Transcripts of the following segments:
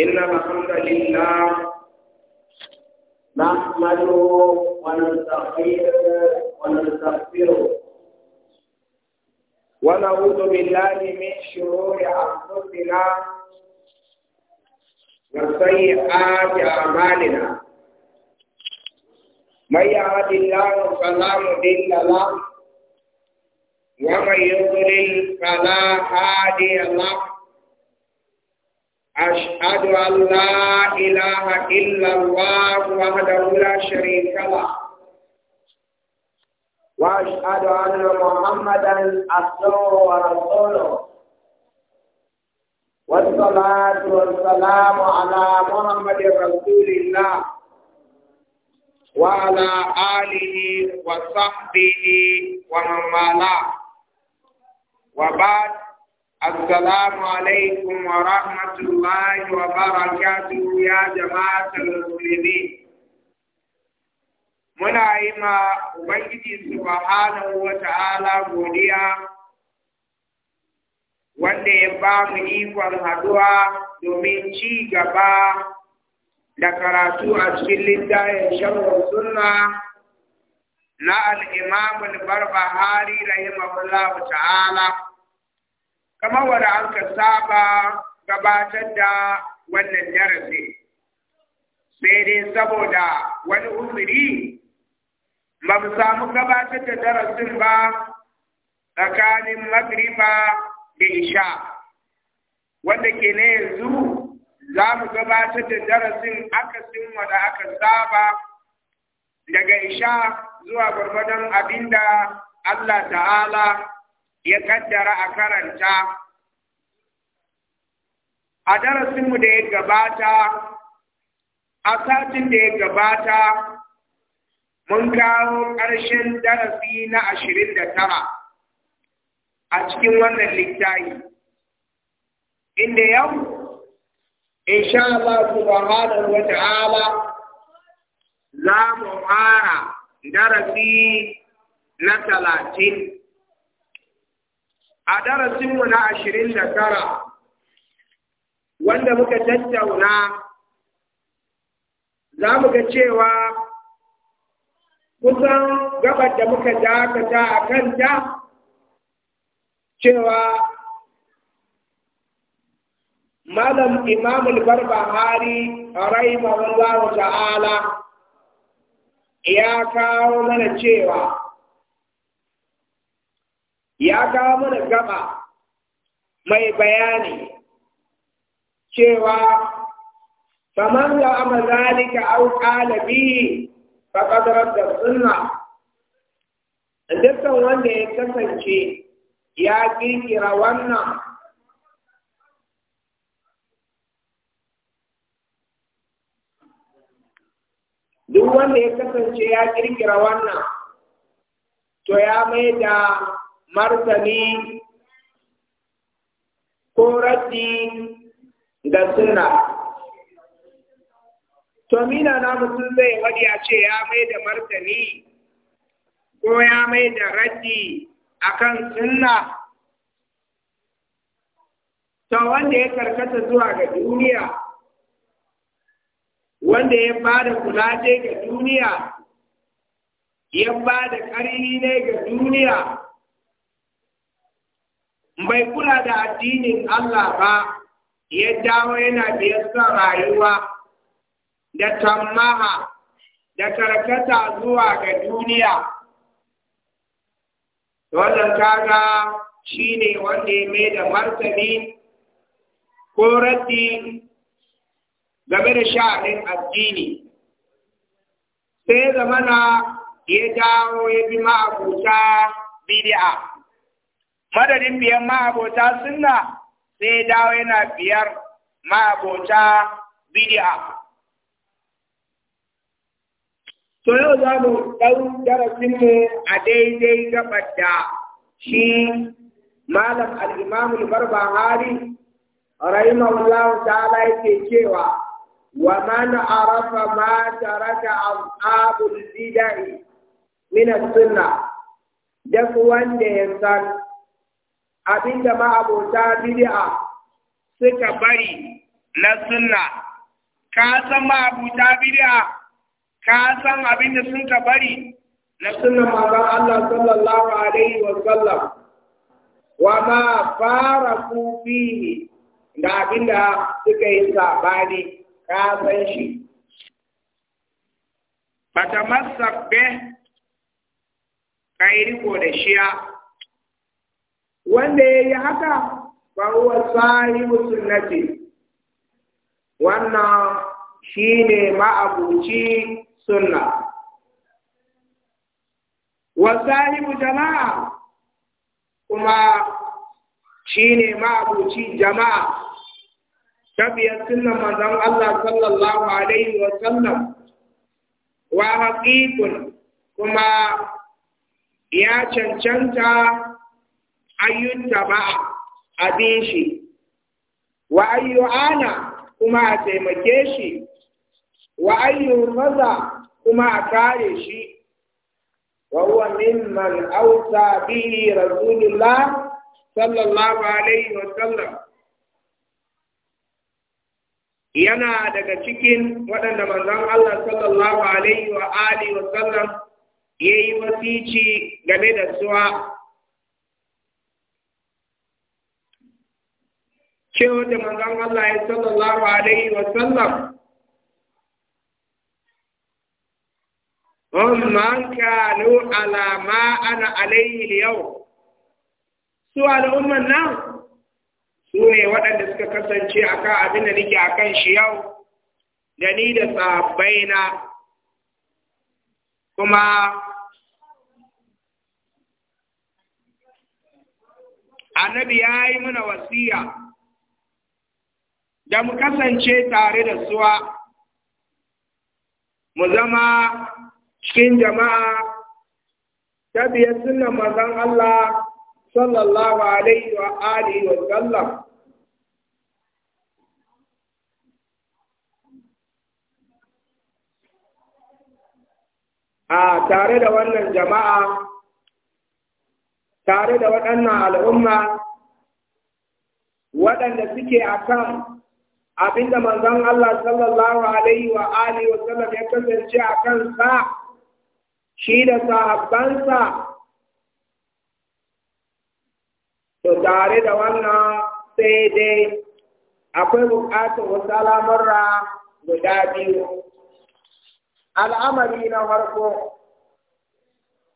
إن الحمد لله نحمده ونستغفره ونستغفره ونعوذ بالله من شرور أنفسنا وسيئات أعمالنا من يهد الله فلا مضل له ومن يضلل فلا هادي له أشهد أن لا إله إلا الله وحده لا شريك له وأشهد أن محمدا عبده ورسوله والصلاة والسلام على محمد رسول الله وعلى آله وصحبه ومن والاه وبعد السلام عليكم ورحمة الله وبركاته يا جماعة المسلمين muna yi ma Ubangiji subhanahu wa ta'ala godiya wanda ya ba mu ikon haduwa domin ci gaba da karatu a cikin littafin shawar sunna na al'imamul barbahari rahimahullahu ta'ala. kama wala an ka saba gabatar da wannan darasi sai dai saboda wani uzuri ba mu samu gabatar da darasin ba tsakanin magriba da isha wanda ke na yanzu za mu gabatar da darasin akasin wanda aka saba daga isha zuwa gwargwadon abinda Allah ta'ala ya kaddara a karanta a darasinmu da ya gabata a satin da ya gabata mun kawo ƙarshen darasi na ashirin da tara a cikin wannan littafi inda yau insha Allah subhanahu wa ta'ala za mu fara darasi na talatin a darasinmu na ashirin da tara wanda muka tattauna za mu ga cewa kusan gabar da muka dakata a kanta cewa malam imamul barbahari rahimahullahu ta'ala ya kawo mana cewa ya kawo mana gaba mai bayani cewa kamar da amma zalika au qala bi faqad radda sunna dukkan wanda ya kasance ya kirkira wannan duk wanda ya kasance ya kirkira wannan to ya mai da martani ko raddi ga suna to mina na mutum zai wadi a ce ya mai da martani ko ya mai da raddi akan suna to wanda ya karkata zuwa ga duniya wanda ya ba da ga duniya ya ba da ne ga duniya bai kula da addinin Allah ba ya dawo yana biyar sa rayuwa da tammaha da karkata zuwa ga duniya wannan kaga shine wanda ya mai da martani ko raddi game da sha'anin addini sai zamana ya dawo ya bi ma'abuta bid'a madadin biyan ma'abota sunna sai dawo yana biyar ma'abota bid'a to yau za mu ɗau darasinmu a daidai gabar da shi malam al'imamul barbahari rahimahullahu ta'ala yake cewa wa man arafa ma taraka ashabul bid'ah min as-sunnah duk wanda ya san abinda ma'abota bid'a suka bari na sunna ka san ma'abota bid'a ka san abinda sun ka bari na sunna manzon Allah sallallahu alaihi wa sallam wa ma faraku fihi da abinda suka yi sabani ka san shi Ba ta bih kai riko da shiya wanda ya yi haka fahuwa sahibu sunnati wannan shi ne ma'abuci sunna wa jama'a kuma shi ne ma'abuci jama'a tabiyar sunan manzon Allah sallallahu alaihi wa sallam wa haƙiƙun kuma ya cancanta ayyun ba abin shi wa ayyu ana kuma a taimake shi wa ayyu maza kuma a kare shi wa huwa mimman ausa bihi rasulullah sallallahu alaihi wa sallam yana daga cikin waɗanda manzon Allah sallallahu alaihi wa alihi wa sallam yayi wasici game da suwa cewa da manzon Allah ya sallallahu alaihi wa sallam man kanu ala ma ana alaihi yau su al'umman nan su ne waɗanda suka kasance akan abin da nake akan shi yau da ni da sabbaina. kuma annabi ya yi mana wasiya da mu kasance tare da suwa mu zama cikin jama'a ta biyar sunan mazan Allah sallallahu alaihi wa alihi wa sallam a tare da wannan jama'a tare da waɗannan al'umma waɗanda suke a kan abinda manzon Allah sallallahu alaihi wa alihi wa sallam ya kasance a kansa shi da sahabbansa to tare da wannan sai dai akwai bukatar wasu al'amurra guda biyu al'amari na farko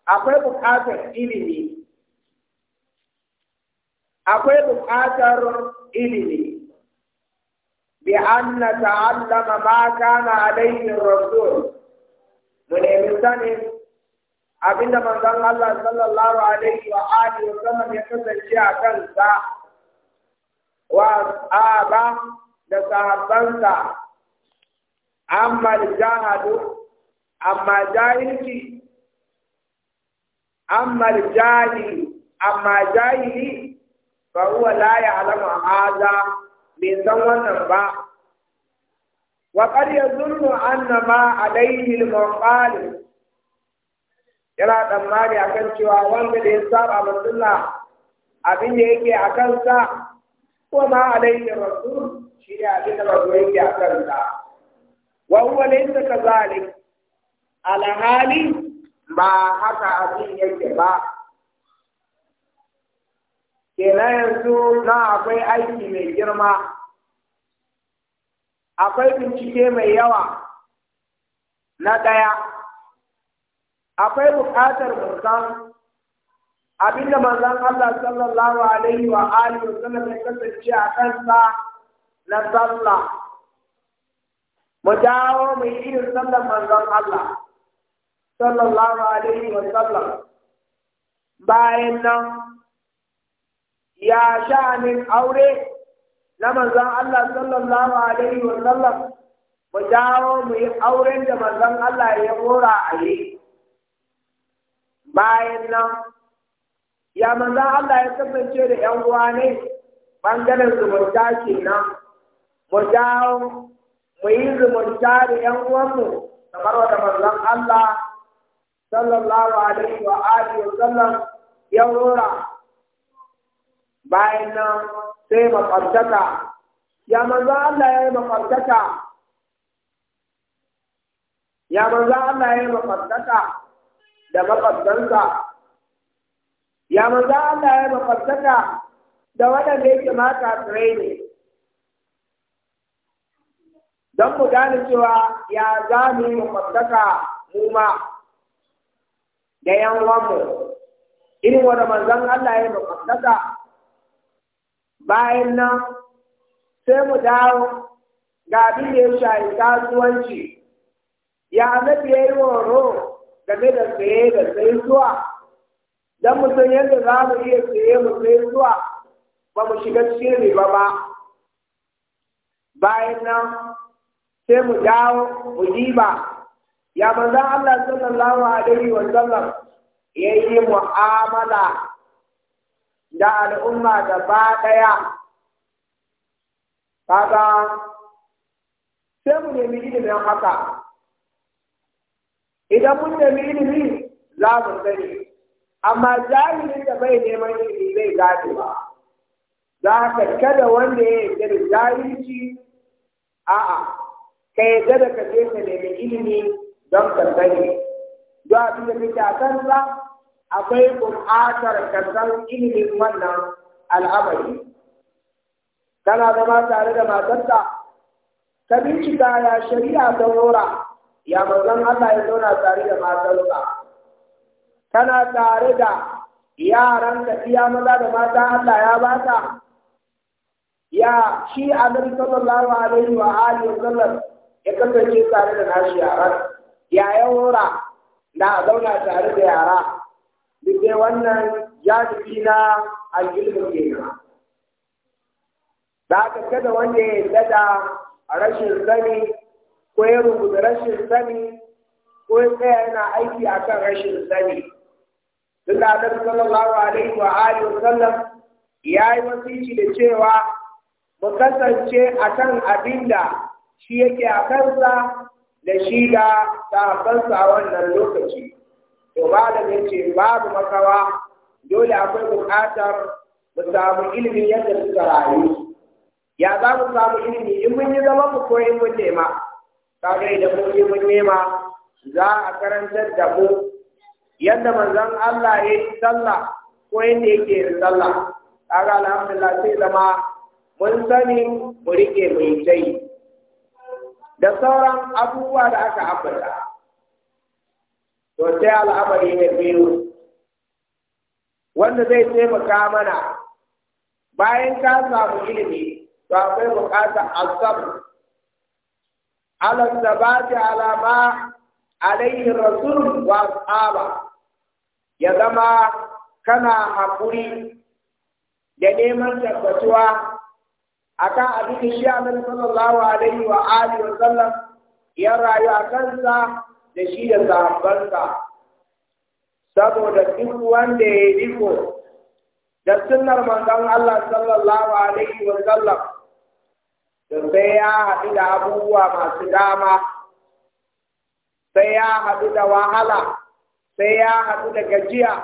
akwai buƙatar ilimi akwai buƙatar ilimi بأن نتعلم ما كان عليه الرسول من إمسان abinda manzon Allah sallallahu alaihi wa alihi wa sallam ya kasance a kansa wa aba da sahabbansa amma jahadu amma jahilci amma jahili amma jahili fa bai san wannan ba wa qad yazunnu anna ma alayhi al yana tsammani akan cewa wanda da ya saba ma sunna abin da yake a kansa ko ma alayhi rasul shi ne abin da rasul yake a kansa wa huwa laysa kadhalik alhali ba haka abin yake ba kenan yanzu na akwai aiki mai girma akwai bincike mai yawa na ɗaya akwai buƙatar musan abinda manzon Allah sallallahu alaihi wa alihi wa sallam ya kasance a kansa na sallah mu dawo mu yi irin sallar manzon Allah sallallahu alaihi wa sallam bayan nan ya sha min aure na manzon Allah sallallahu alaihi wa sallam mu dawo mu yi auren da manzon Allah ya mora a yi bayan nan ya manzon Allah ya kasance da ƴan uwa ne bangaren zumunta nan mu dawo mu yi zumunta da ƴan uwanmu kamar wata manzon Allah sallallahu alaihi wa alihi wa sallam ya mora bayan nan sai makwabtaka ya manzo Allah ya yi makwabtaka ya manzo Allah ya yi makwabtaka da makwabtansa ya manzo Allah ya yi makwabtaka da waɗanda yake mata tsirai ne don mu gane cewa ya za mu yi makwabtaka mu ma da yan uwanmu irin wanda manzon Allah ya yi makwabtaka bayan nan sai mu dawo ga abin da ya shayi kasuwanci ya annabi ya yi horo game da saye da sai zuwa don mu yadda za mu iya saye mu sai zuwa ba mu shiga cikin riba ba bayan nan sai mu dawo mu diba ya manzan Allah sallallahu alaihi wa sallam ya yi mu'amala da al'umma gaba ɗaya Kada sai mu nemi ilimin haka idan mun nemi ilimi za mu sani amma jahilin da bai neman ilimi zai gane ba za ka kada wanda ya yi da jahilci a'a ka yi da ka je ka nemi ilimi don ka sani don abin da kake a akwai buƙatar ka san ilimin wannan al'amari kana zama tare da matarka ka bincika ya shari'a ta rora ya mazan Allah ya zauna tare da matarsa kana tare da yaran ka iya maza da mata Allah ya ta, ya shi annabi sallallahu alaihi wa alihi wa sallam ya kasance tare da nashi yaran ya ya na zauna tare da yara duk wannan, ya tafi na al'ilmu kenan da aka kada wanda ya yarda da rashin sani ko ya rubuta rashin sani ko ya tsaya yana aiki akan rashin sani tunda annabi sallallahu alaihi wa alihi wa sallam ya yi wasiki da cewa mu kasance akan abin da shi yake a kansa da shi da sahabbansa a wannan lokaci to da ya ce babu makawa dole akwai buƙatar mu samu ilimin yadda suka rayu ya za mu samu ilimi in mun yi zama mu ko in mun nema kagai da mun yi mun nema za a karantar da mu yadda manzon Allah ya yi sallah ko yadda yake yin sallah kaga alhamdulillah sai zama mun sani mu rike mu yi da sauran abubuwa da aka ambata to sai al'amari ne biyu wanda zai taimaka mana bayan ka samu ilimi to akwai buƙatar asab ala sabati ala ma alaihi rasul wa ashaba ya zama kana haƙuri da neman tabbatuwa akan abin da shi annabi sallallahu alaihi wa alihi wa sallam ya rayu a kansa da shi da sahabbansa saboda duk wanda ya yi riko da sunnar manzon Allah sallallahu alaihi wa sallam da sai ya haɗu da abubuwa masu dama sai ya haɗu da wahala sai ya haɗu da gajiya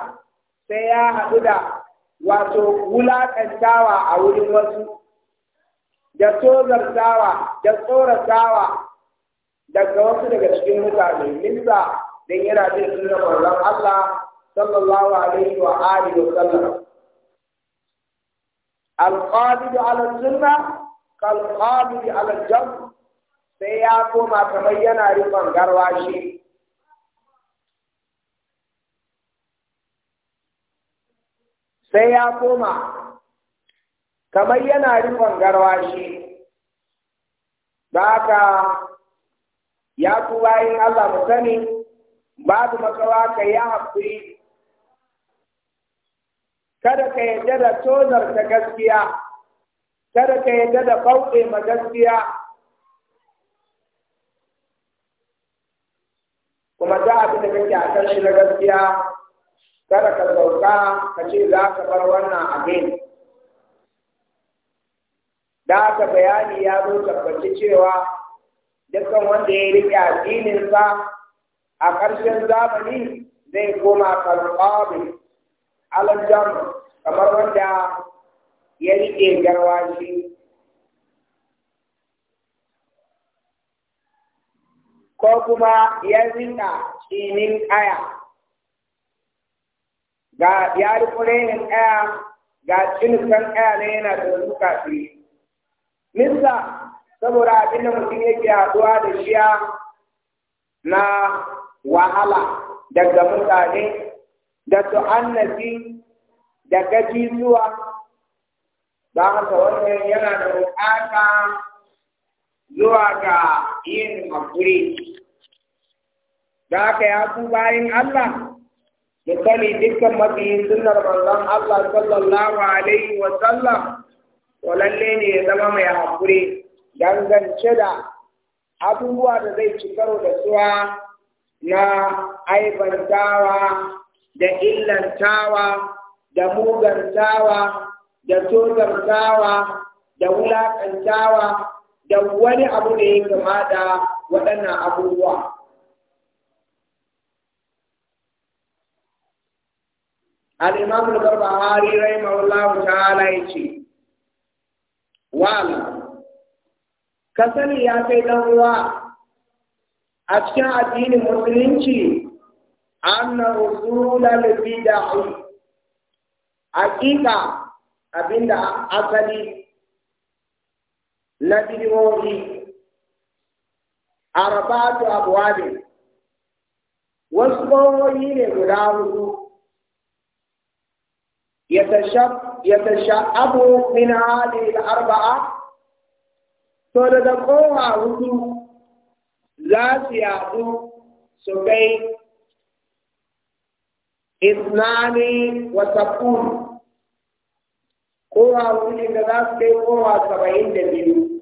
sai ya haɗu da wato wulaƙantawa a wurin wasu da tozartawa da tsoratawa daga wasu daga cikin mutane minsa don yana bin sunnar manzon Allah sallallahu alaihi wa alihi wa sallam al-qabid ala sunna kal qabid ala sai ya koma kamar yana rufan garwashi sai ya koma kamar yana ka ya ku bayin Allah mu sani babu makawa ka ya haƙuri kada ka yarda da tozar ta gaskiya kada ka yarda da bauɗe ma gaskiya kuma za a fi da kake a shi na gaskiya kada ka sauka ka ce za ka bar wannan abin da aka bayani ya zo tabbaci cewa dukkan wanda ya riƙe addininsa a ƙarshen zamani zai koma kalƙabi alajam kamar wanda ya riƙe garwashi ko kuma ya zinna tsinin ƙaya ga ya riƙo renin ƙaya ga cinikan ƙaya ne yana da zuka fi nisa saboda abin da mutum yake haɗuwa da shiya na wahala daga mutane da su annabi da gaji zuwa ba haka wannan yana da bukata zuwa ga yin haƙuri da haka ya ku bayan Allah misali dukkan yin sunnar manzon Allah sallallahu alaihi wa sallam ne ya zama mai haƙuri dangance da abubuwa da zai ci karo da suwa na aibantawa da illantawa da mugantawa da tozartawa da wulaƙantawa da wani abu da ya kama da waɗannan abubuwa. Al’imamul da barbahari rai ta halaye ce, wa'ala Kasar ya kai dan uwa a cikin addinin musulunci anna usulal bid'ah hakika abinda asali na bidiyoyi arbatu abwabi wasu bawoyi ne guda hudu ya abu min hadhihi al-arba'a to daga kowa hudu za su yaɗu su kai isnani wa sabun kowa hudu da za su kai kowa saba'in da biyu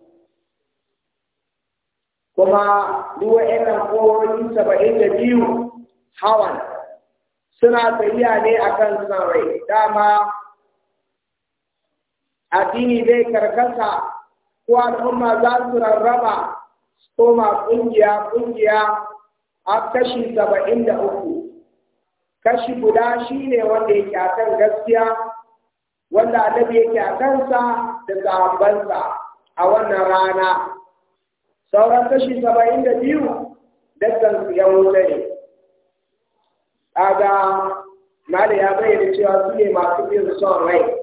kuma duk wa'annan kowoyi saba'in da biyu hawan suna tafiya ne akan kan rai dama addini zai karkasa ko al'umma za su rarraba koma ƙungiya ƙungiya a kashi saba'in da uku kashi guda shi ne wanda yake a kan gaskiya wanda annabi yake a kansa da sahabbansa a wannan rana sauran kashi saba'in da biyu dukkan su yan wuta ne kaga mali ya bayyana cewa su ne masu bin son rai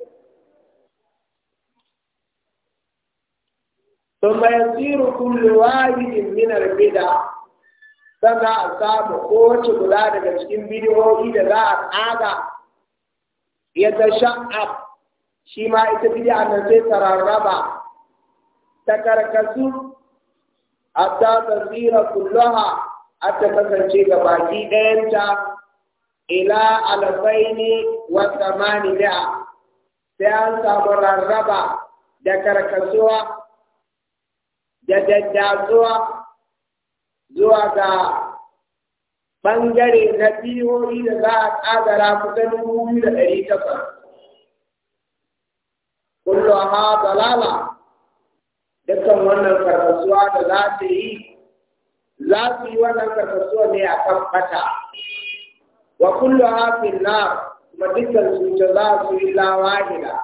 ثم يصير كل واحد من البدع sana a samu kowace guda daga cikin bidi'o'i da za a tsaga ya ta sha'ab shi ma ita bidiya nan sai tararraba ta karkasu a ta tsira kullaha a ta ga baki ɗayanta ila alfaini wa tsamani da sai an samu rarraba da karkasuwa da daddatsuwa zuwa ga ɓangare na biyoyi da za a ƙagara kusan dubu biyu da ɗari takwas. Kullum ha dalala dukkan wannan karkasuwa da za ta yi za su yi wannan karkasuwa ne a kan fata. Wa kullum ha finna kuma dukkan su ta za su yi lawahira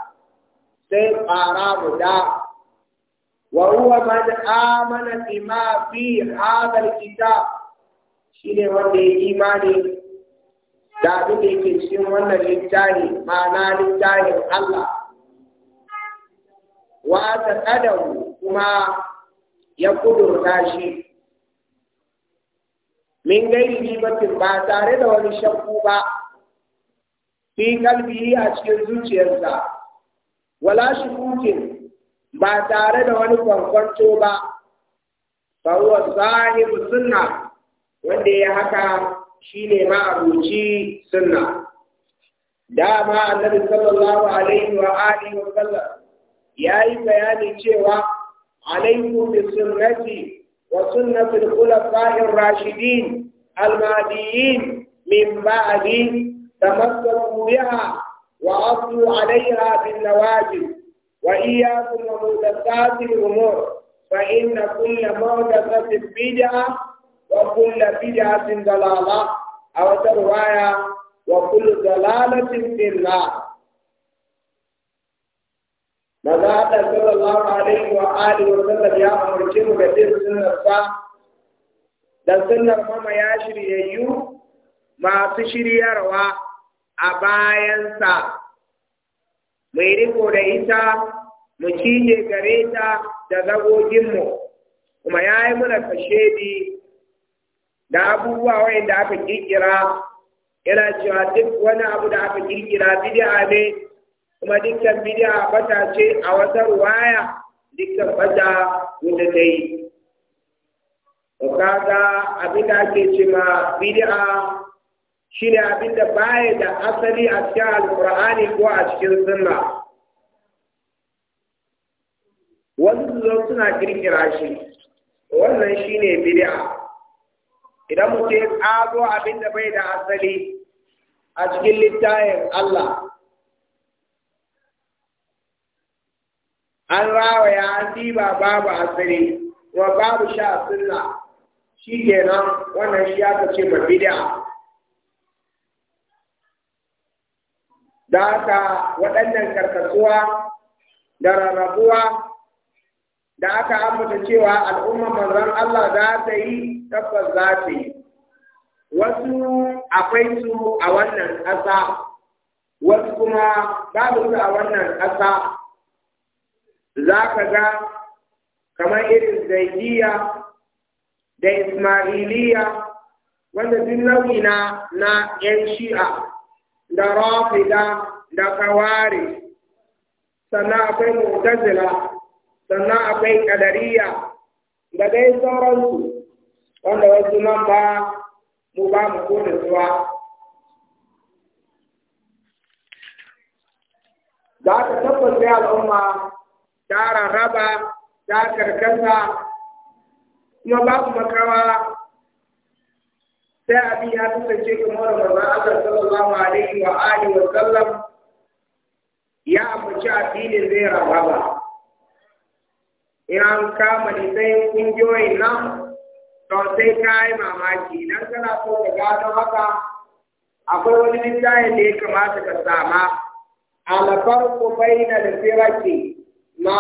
sai ƙara guda وهو من آمن بما في هذا الكتاب شيء wanda ya imani da abin da yake cikin wannan littafi mana littafin Allah wa taqadahu kuma ya kudurta shi min gairi ribatin ba tare da wani shakku ba fi kalbi a cikin zuciyarsa wala shi shukukin ba tare da wani kwankwanto ba fa sahibu sunna wanda ya haka shine ma abuci sunna dama annabi sallallahu alaihi wa alihi wa sallam yayi bayani cewa alaikum bi sunnati wa sunnati al-khulafa'i ar-rashidin al-mahdiyyin min da tamassaku biha wa 'addu 'alayha bin nawajib وإياكم ومحدثات الأمور فإن كل محدثة بدعة وكل بدعة ضلالة أو رواية وكل ضلالة في النار ماذا صلى الله عليه وآله وسلم يا أمر كم كثير سنة الصلاة da sunnar mama ya shiryayyu masu shiryarwa a bayansa mu riko da ita mu cije gare ta da zagoginmu kuma ya yi muna kashedi da abubuwa wayanda aka kirkira yana cewa duk wani abu da aka kirkira bid'a ne kuma dukkan bid'a bata ce a wata ruwaya dukkan bata wanda ta yi to kaga abin da ake ce shi ne abin da baya da asali a cikin alkur'ani ko a cikin sunna wasu zo suna kirkira shi wannan shi ne bid'a idan mutum ya abin da bai da asali a cikin littafin Allah an rawa ya diba babu asali wa babu sha sunna shi kenan wannan shi aka ce ma bid'a da haka waɗannan karkasuwa da rarrabuwa da aka amince cewa al'umma manzon Allah za ta yi tabbas za ta yi wasu akwai su a wannan ƙasa wasu kuma babu su a wannan ƙasa za ka ga kamar irin zaidiya da ismailiya wanda duk nau'i na na 'yan shi'a da rafida da kawari sannan akwai mu'tazila sannan akwai kadariya da dai sauransu wanda wasu nan ba mu ba mu kone suwa za ka tabbata al'umma ta rarraba ta karkasa kuma babu makawa sai abin ya kasance kamar da manzon Allah sallallahu alaihi wa alihi wa sallam ya a addinin zai rababa in an kama ne sai kungiyoyin nan to sai ka yi mamaki idan kana so ka gano haka akwai wani littafin da ya kamata ka sama alfarku na da firaki na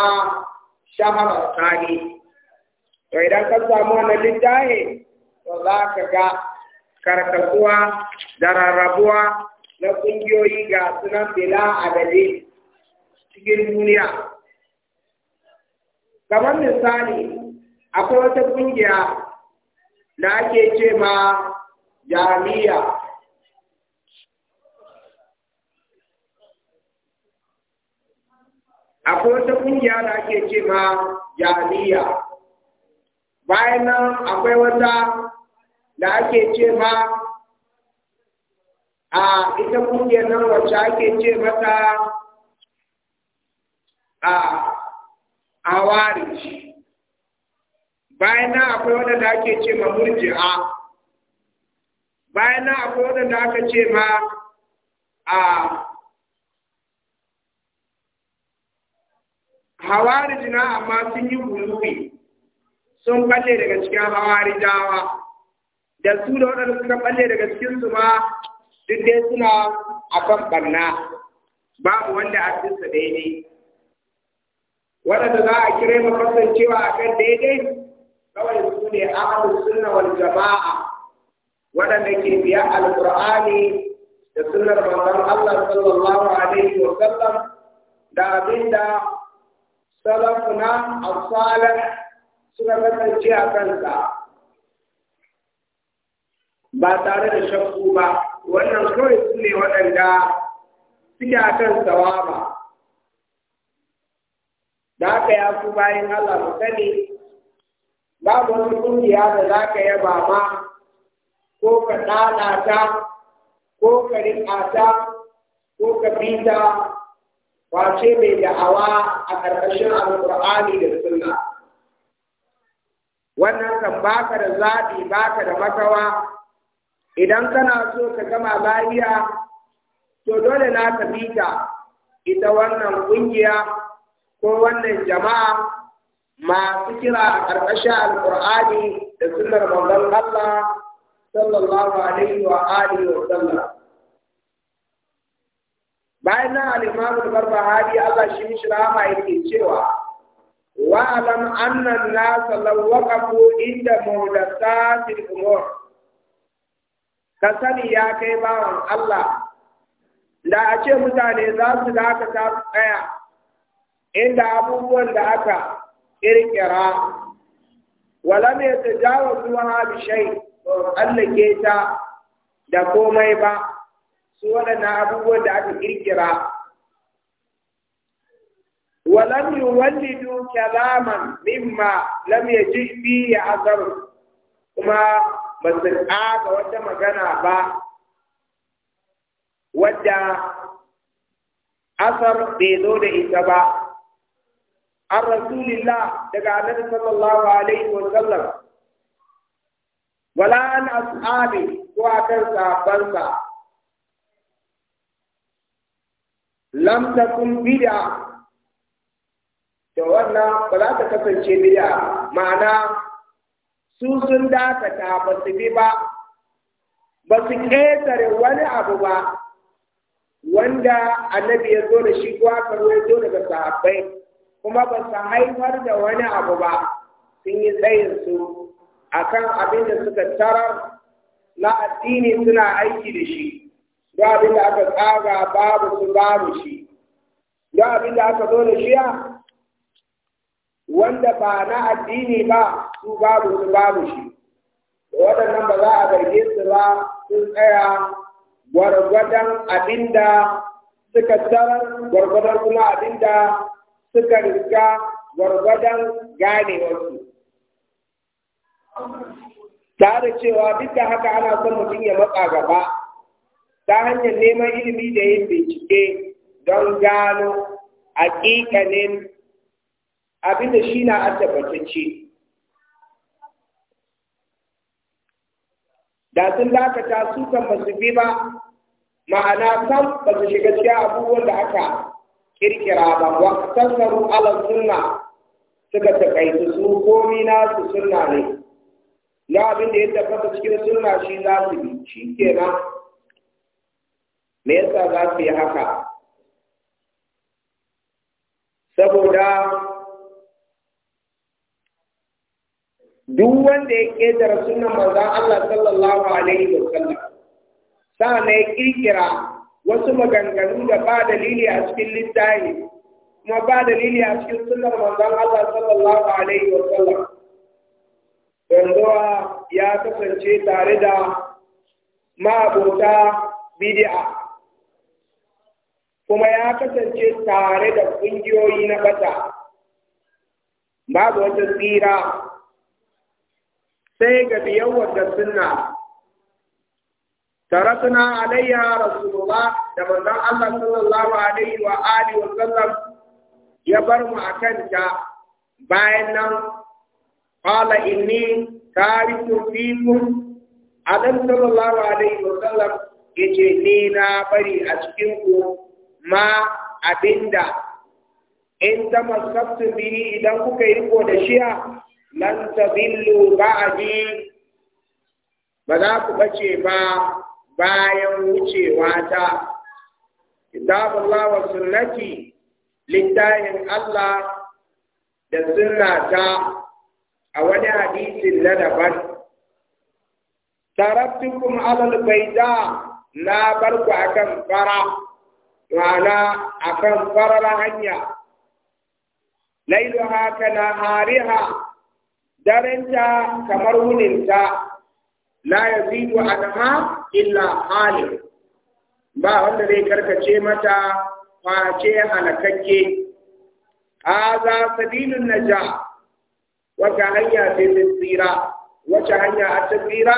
shahara tsari to idan ka samu wani littafin? to za ka ga karkasuwa da rarrabuwa na ƙungiyoyi ga sunan bila adadi cikin duniya. Kamar misali, akwai wata ƙungiya da ake ce ma jami'a. Akwai wata ƙungiya da ake ce ma jami'a. Bayan nan akwai wata da ake ce ma a ita kungiyar nan wacce ake ce mata a awari bayan nan akwai wadanda ake ce ma murji'a bayan nan akwai wadanda aka ce ma a na amma sun yi gulubi sun balle daga cikin dawa. da su da waɗanda suka ɓalle daga cikin su ma duk dai suna kan barna babu wanda a cikin daidai waɗanda za a kira ma kasancewa a kan daidai kawai su ne ahlus sunna wal jama'a waɗanda ke biya alqur'ani da sunnar manzon Allah sallallahu alaihi wa sallam da abinda salafuna as-salih suka kasance a kansa ba tare da shakku ba wannan kawai su ne waɗanda suke a kan sawaba da aka ya su bayan Allah mu sani babu wani ƙungiya da za ka yaba ma ko ka ɗana ko ka riƙa ko ka bi wace mai da'awa a ƙarƙashin alƙur'ani da sunna wannan kan baka da zaɓi baka da makawa idan kana so ka gama lafiya to dole na ka ita wannan ƙungiya ko wannan jama'a masu kira a ƙarƙashin alƙur'ani da sunar manzon Allah sallallahu alaihi wa alihi wa sallam bayan nan al-imamu al-barbahari Allah shi mishi rahama yake cewa wa alam anna an-nasa law waqafu inda muhdathatil umur ka sani ya kai bawan Allah da a ce mutane za su dakata ta tsaya inda abubuwan da aka kirkira wala ne ta jawo zuwa bishai tsallake ta da komai ba su waɗannan abubuwan da aka kirkira ولم يولدوا كلاما مما لم يجئ ya عذر kuma ba su ƙaga wata magana ba wadda asar bai zo da ita ba an rasulillah daga annabi sallallahu alaihi wa sallam wala an ashabi ko akan sahabbansa lam takun bid'a to wannan ba za ta kasance bid'a ma'ana su sun dakata ba su bi ba ba su ƙetare wani abu ba wanda annabi ya zo da shi ko aka ya zo daga sahabbai kuma ba su haifar da wani abu ba sun yi tsayin a kan abin da suka tarar na addini suna aiki da shi da abin da aka tsaga babu su babu shi da abin da aka zo da shi wanda ba na addini ba su babu su babu shi waɗannan ba za a zarge su ba sun tsaya gwargwadon abinda suka tarar gwargwadon kuma abinda suka riga gwargwadon wasu ta da cewa duk haka ana son mutum ya matsa gaba ta hanyar neman ilimi da yin bincike don gano hakikanin Abin da shi na an tabbatacce da sun dakata su kan ba bi ba ma'ana kan ba su shiga cikin abubuwan da aka kirkira ba wa tasaru ala sunna suka takaitu su komi na su sunna ne na abin da ya tabbata cikin sunna shi za su bi shi na me yasa za su yi haka saboda duk wanda ya ƙetare sunan manzon Allah sallallahu alaihi wa sallam sa'an ya kirkira wasu maganganu da ba dalili a cikin littafi kuma ba dalili a cikin sunan manzon Allah sallallahu alaihi wa sallam yanzuwa ya kasance tare da ma'abota bid'a kuma ya kasance tare da ƙungiyoyi na bata babu wata tsira sai ga biyan wadda Tare suna Alayya rasulullah da manzon Allah sallallahu alaihi wa Ali wa sallam ya bar mu akan kanta bayan nan qala inni tariku fikum adam sallallahu alaihi wa sallam ce ni na bari a cikin ku ma abinda in tamassaktu biri idan kuka yi ko da shiya lan tadillu ba'di ba za ku bace ba bayan wucewa ta kitabullah wa sunnati littahin Allah da sunnata a wani hadisin na daban taraktukum alal baida na barku akan fara ma'ana akan farar hanya haka kana hariha Darinta kamar wuninta la yazidu anha illa halin ba wanda zai karkace mata face halakakke haza sabilun naja wata hanya ce ta tsira Wata hanya a ta tsira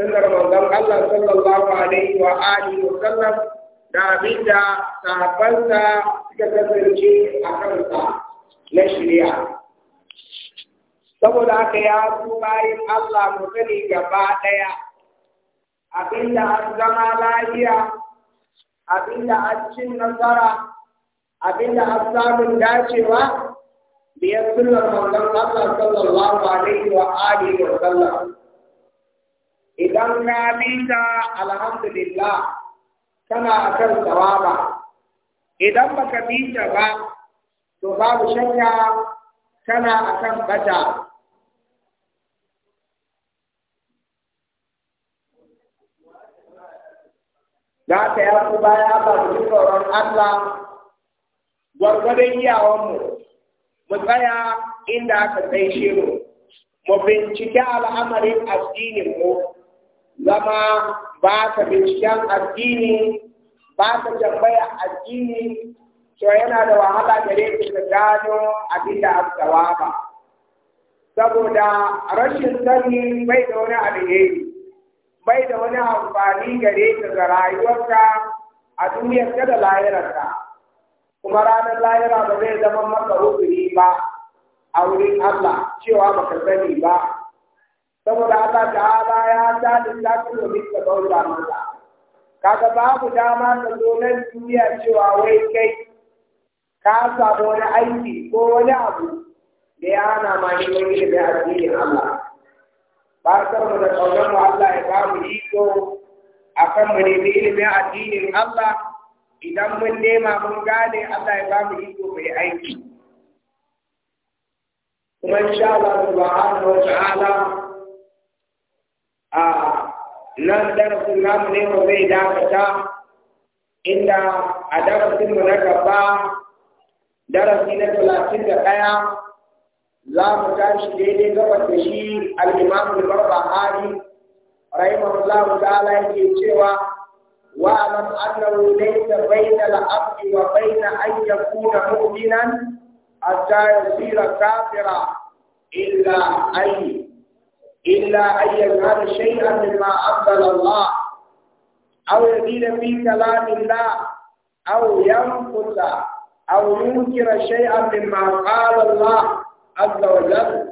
sunnar manzon Allah sallallahu alaihi wa alihi wa sallam da abinda sahabbansa suka kasance a kansa na shari'a saboda haka ya su bayan Allah mu sani gaba ɗaya abinda an zama lafiya abinda an cin nasara abinda an samun dacewa biyar sunan maulan Allah sallallahu alaihi wa alihi wa sallam idan ka bita alhamdulillah kana kan tsawaba idan baka bita ba to babu shanya kana akan bata da aka ya ku baya ba ku tsoron Allah gwargwadon iyawanmu mu tsaya inda aka shi mu mu bincike al'amarin addinin mu zama ba ka binciken addini ba ka tambaya addini to yana da wahala da ka ka gano abin da aka ba saboda rashin sani bai da wani alheri bai da wani amfani gare ka ga rayuwarka a duniyar ka da lahirarka kuma ranar lahira ba zai zama maka rukuni ba a wurin Allah cewa baka sani ba saboda Allah ta'ala ya ta lissafi domin ka bauta masa kaga babu dama ka zo duniya cewa wai kai ka samu wani aiki ko wani abu da ya hana ma shi wani da addinin Allah fatar mu da kaunar mu Allah ya ba mu iko akan mu nemi ilimin addinin Allah idan mun nema mun gane Allah ya ba mu iko aiki kuma insha Allah subhanahu wa ta'ala a nan darasin namu ne ba zai dakata inda a darasin mu na gaba darasi na talatin da ɗaya لا مكانش tashi daidai gabar da shi al-imam al-barbahari rahimahullah ta'ala واعلم انه ليس بين العبد وبين ان يكون مؤمنا حتى يصير كافرا الا ان الا ان يظهر شيئا مما انزل الله او يزيد في كلام الله او ينقص او ينكر شيئا مما قال الله عز وجل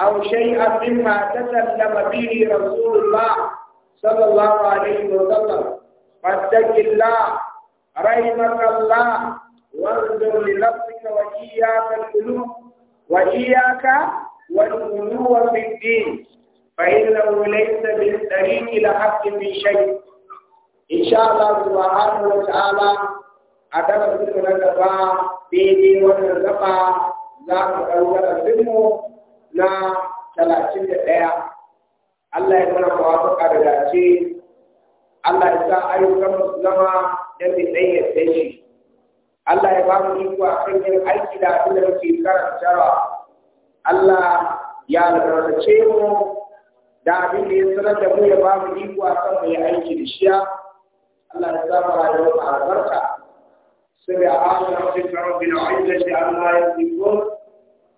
أو شيئا مما تسلم به رسول الله صلى الله عليه وسلم فاتق الله رحمك الله وانظر لنفسك وإياك القلوب وإياك والغلو في الدين فإنه ليس بالطريق إلى حق في شيء إن شاء الله سبحانه وتعالى أدرس لك في دين ونزقا za ka ɓangaren binmu na talatin da ɗaya Allah ya mana mawafaka da dace Allah ya sa ayyukan musulama don mu ɗayyade shi Allah ya ba mu iko a kan yin aiki da abin da muke karantawa Allah ya albarkace mu da abin da ya sanar da mu ya ba mu iko a kan mu yi aiki da shiya Allah ya a a sai sa mu karo albarka سبحان ربك رب العزة عما يصفون